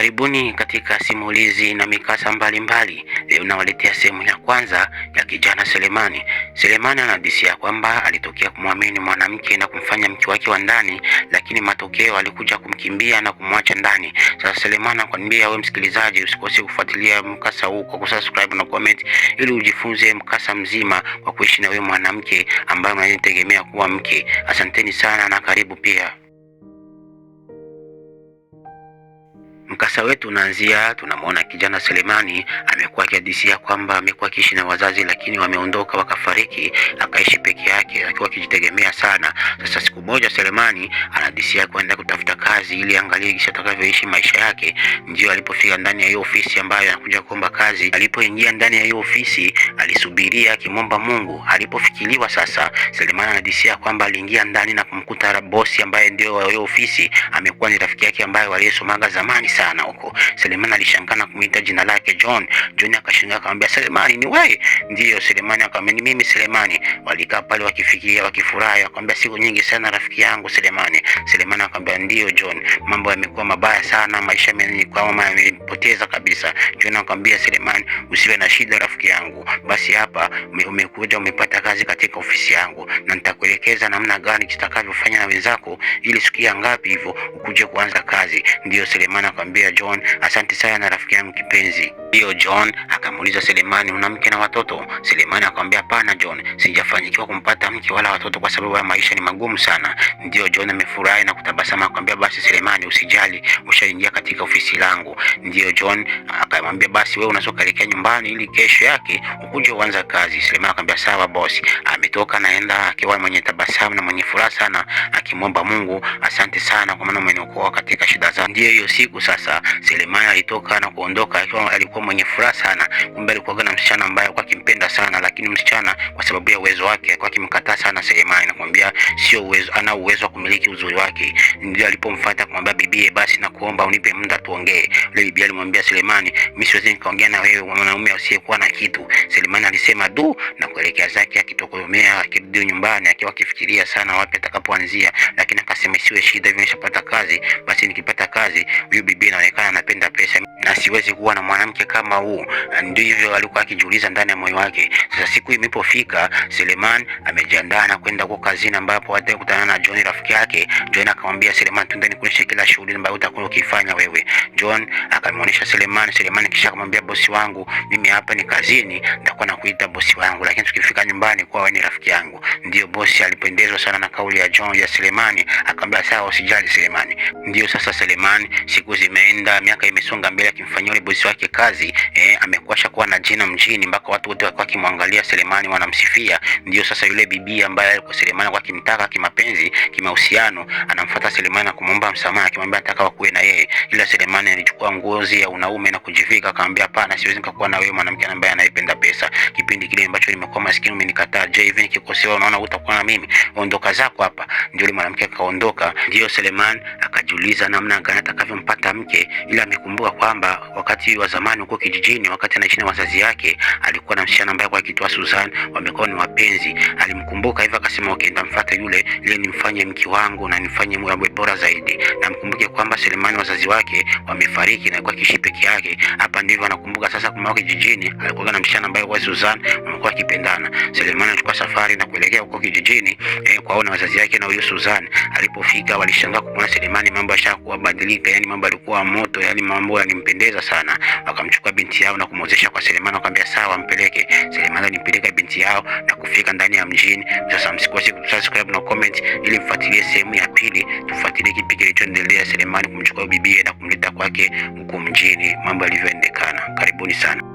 Karibuni katika simulizi na mikasa mbalimbali. Leo nawaletea sehemu ya kwanza ya kijana Selemani. Selemani anahadisia kwamba alitokea kumwamini mwanamke na kumfanya mke wake wa ndani, lakini matokeo alikuja kumkimbia na kumwacha ndani. Sasa Selemani anakuambia wewe msikilizaji, usikose kufuatilia mkasa huu kwa kusubscribe na comment, ili ujifunze mkasa mzima wa kuishi na wewe mwanamke ambaye unayetegemea kuwa mke. Asanteni sana na karibu pia. Mkasa wetu unaanzia, tunamwona kijana Selemani amekuwa akihadisia kwamba amekuwa akiishi na wazazi, lakini wameondoka wakafariki, akaishi peke yake akiwa akijitegemea sana. Sasa siku moja Selemani anahadisia kwenda kutafuta kazi ili angalie kisha atakavyoishi maisha yake. Ndio alipofika ndani ya hiyo ofisi ambayo anakuja kuomba kazi. Alipoingia ndani ya hiyo ofisi, alisubiria akimwomba Mungu. Alipofikiriwa sasa, Selemani anahadisia kwamba aliingia ndani na kumkuta bosi ambaye ndio wa hiyo ofisi, amekuwa ni rafiki yake ambaye waliyesomaga zamani sana sana huko. Selemani alishangaa na kumuita jina lake John. John akashangaa akamwambia, Selemani ni wewe? Ndio, Selemani akamwambia, ni mimi Selemani. Walikaa pale wakifikiria wakifurahi, akamwambia, siku nyingi sana rafiki yangu Selemani. Selemani akamwambia, ndio John, mambo yamekuwa mabaya sana, maisha mama yamepoteza kabisa. John akamwambia Selemani, usiwe na shida rafiki yangu, basi hapa umekuja umepata kazi katika ofisi yangu, na nitakuelekeza namna gani kitakavyofanya na wenzako, ili siku ngapi hivyo ukuje kuanza kazi. Ndio Selemani akamwambia akamwambia John, asante sana rafiki yangu kipenzi. Hiyo John akamuuliza Selemani, una mke na watoto? Selemani akamwambia hapana John, sijafanikiwa kumpata mke wala watoto kwa sababu ya maisha ni magumu sana. Ndio John amefurahi na kutabasama akamwambia, basi Selemani usijali, ushaingia katika ofisi langu. Ndio John akamwambia, basi wewe unaweza kuelekea nyumbani ili kesho yake ukuje uanze kazi. Selemani akamwambia sawa bosi. Ametoka naenda akiwa mwenye tabasamu na mwenye furaha sana, akimwomba Mungu asante sana kwa maana umeniokoa katika shida zangu. Ndio hiyo siku sasa sasa, Selemani alitoka na kuondoka akiwa alikuwa mwenye furaha sana. Kumbe alikuwa na msichana ambaye alikuwa akimpenda sana, lakini msichana kwa sababu ya uwezo wake alikuwa akimkataa sana Selemani na kumwambia sio uwezo, ana uwezo wa kumiliki uzuri wake. Ndio alipomfuata kumwambia, bibie, basi na kuomba unipe muda tuongee. Yule bibi alimwambia Selemani, mimi siwezi nikaongea na wewe mwanaume usiyekuwa na kitu. Selemani alisema du na kuelekea zake akitokomea, akirudi nyumbani akiwa akifikiria sana wapi atakapoanzia, lakini akasema isiwe shida, hivi nishapata kazi, basi nikipata kazi huyu bibi siwezi kuwa na mwanamke kama huu. Ndivyo alikuwa akijiuliza ndani ya moyo wake. Sasa siku imepofika, Seleman amejiandaa na kwenda kwa kazini, ambapo atakutana na John rafiki yake. John akamwambia Seleman, twende nikuonyeshe kila shughuli ambayo utakuwa ukifanya wewe. John akamwonyesha Seleman. Seleman kisha akamwambia, bosi wangu, mimi hapa ni kazini, nitakuwa nakuita bosi wangu, lakini tukifika nyumbani kwa wewe ni rafiki yangu. Ndio bosi alipendezwa sana na kauli ya John ya Seleman, akamwambia sawa, usijali Seleman. Ndio sasa Seleman, siku zimeenda, miaka imesonga mbele akimfanya kumfanyia ule bosi wake kazi eh, amekuwa kuwa na jina mjini mpaka watu wote walikuwa kimwangalia Selemani wanamsifia. Ndio sasa yule bibi ambaye alikuwa Selemani alikuwa akimtaka kimapenzi, kimahusiano, anamfuata Selemani na kumwomba msamaha, akimwambia nataka wakuwe na yeye, ila Selemani alichukua ngozi ya unaume na kujivika, akamwambia hapana, siwezi nikakuwa na wewe mwanamke ambaye anayependa pesa. Kipindi kile ambacho nimekuwa maskini umenikataa. Je, hivi nikikosewa unaona utakuwa na mimi? Ondoka zako hapa. Ndio yule mwanamke akaondoka. Ndio Selemani akajiuliza namna gani atakavyompata mke, ila amekumbuka kwamba wakati wa zamani huko kijijini, wakati anaishi na wazazi yake, alikuwa na msichana ambaye akiitwa Susan, wamekuwa ni wapenzi. Alimkumbuka hivyo akasema, okay, nitamfuata yule ili nimfanye mke wangu na nimfanye mwe bora zaidi. Na mkumbuke kwamba Selemani wazazi wake wamefariki na alikuwa akiishi peke yake. Hapa ndivyo anakumbuka sasa, kwa wakati kijijini alikuwa na msichana ambaye kwa Susan wamekuwa wakipendana. Selemani alikuwa safari na kuelekea huko kijijini eh, kwaona wazazi yake na huyo Susan. Alipofika walishangaa kumwona Selemani, mambo yashakuwa badilika, yani mambo yalikuwa moto, yani mambo yalimpendeza alimpenda sana. Wakamchukua binti yao na kumwozesha kwa Selemani, wakamwambia sawa, mpeleke Selemani. Alimpeleka binti yao na kufika ndani ya mjini. Sasa msikose kusubscribe na comment ili mfuatilie sehemu ya pili, tufuatilie kipi kilichoendelea Selemani kumchukua bibie na kumleta kwake huko mjini, mambo yalivyoendekana. Karibuni sana.